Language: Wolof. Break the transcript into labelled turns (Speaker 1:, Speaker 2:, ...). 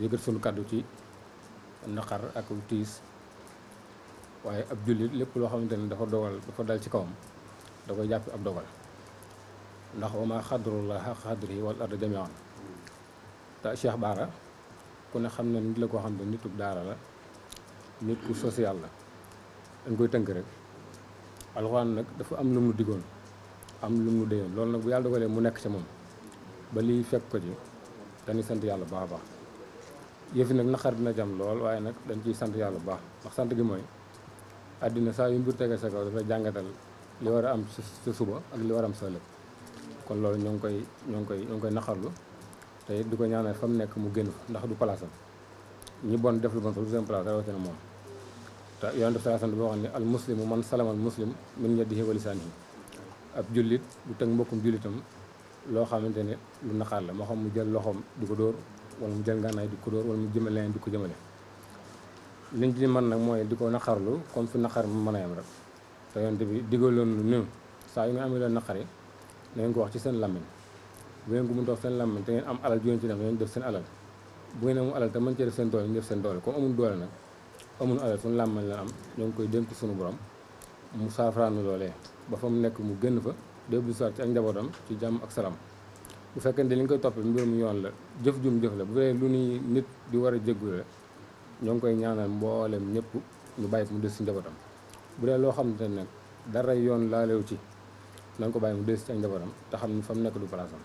Speaker 1: yëgat sunu kàddu ci naqar ak tiis waaye ab jullit lépp loo xamante ni dafa dogal dafa dal ci kawam da koy jàpp ab dogal ndax wa ma xadrullah xaq xadri wal ardi jamian te Cheikh Baara ku ne xam na nit la koo xam ne nitub daara la nit ku social la dañ koy tënk rek alxuraan nag dafa am lu mu diggoon am lu mu déyoon loolu nag bu yàlla dogalee mu nekk ca moom ba liy fekk ko ci dañuy sant yàlla baax a baax yëfi nag naqar dina jam lool waaye nag dañ ciy sant yàlla bu baax ndax sant gi mooy àddina saa yu mbir tegal sa kaw dafay jàngatal li war a am sa suba ak li war a am sa ëllëg kon loolu ñoo ngi koy ñoo ngi koy ñoo ngi koy naqarlu te it di ko ñaanal fa mu nekk mu génn ndax du palaasam ñi bon def lu bon fa du seen place rawatina moom te yonent bi sant boo xam ne al muslimu man salamal muslim min yadihi wa lisaanihi ab jullit bu teg mbokkum jullitam loo xamante ne lu naqar la moo mu jël loxoom di ko dóor wala mu jël ngànnaay di ko dóor wala mu jëme leneen di ko jëmale liñ di man nag mooy di ko naqarlu comme fi naqar mën a yem rek te yonent bi digaloon lu néew saa yu nga amee leen naqari na ngeen ko wax ci seen làmmiñ bu ngeen ko mën seen làmmiñ te ngeen am alal ju ngeen ci def ngeen def seen alal bu ngeen amul alal te mën cee def seen doole ñu def seen doole comme amul doole nag amul alal suñu làmmiñ la am ñoo ngi koy dénk suñu borom mu saafaraanu loolee ba fa mu nekk mu génn fa déglu bu waat ci ak ci jàmm ak salaam. bu fekkente li ñu koy toppee mu yoon la jëf jum jëf la bu dee lu ni nit di war a jéggu la ñoo ngi koy ñaanal mboolem ñëpp ñu bàyyi mu des ci njabootam bu dee loo xamante ne nag dara yoon laalew ci na ko bàyyi mu des ci ak njabootam te xam ni fa mu nekk du palaasam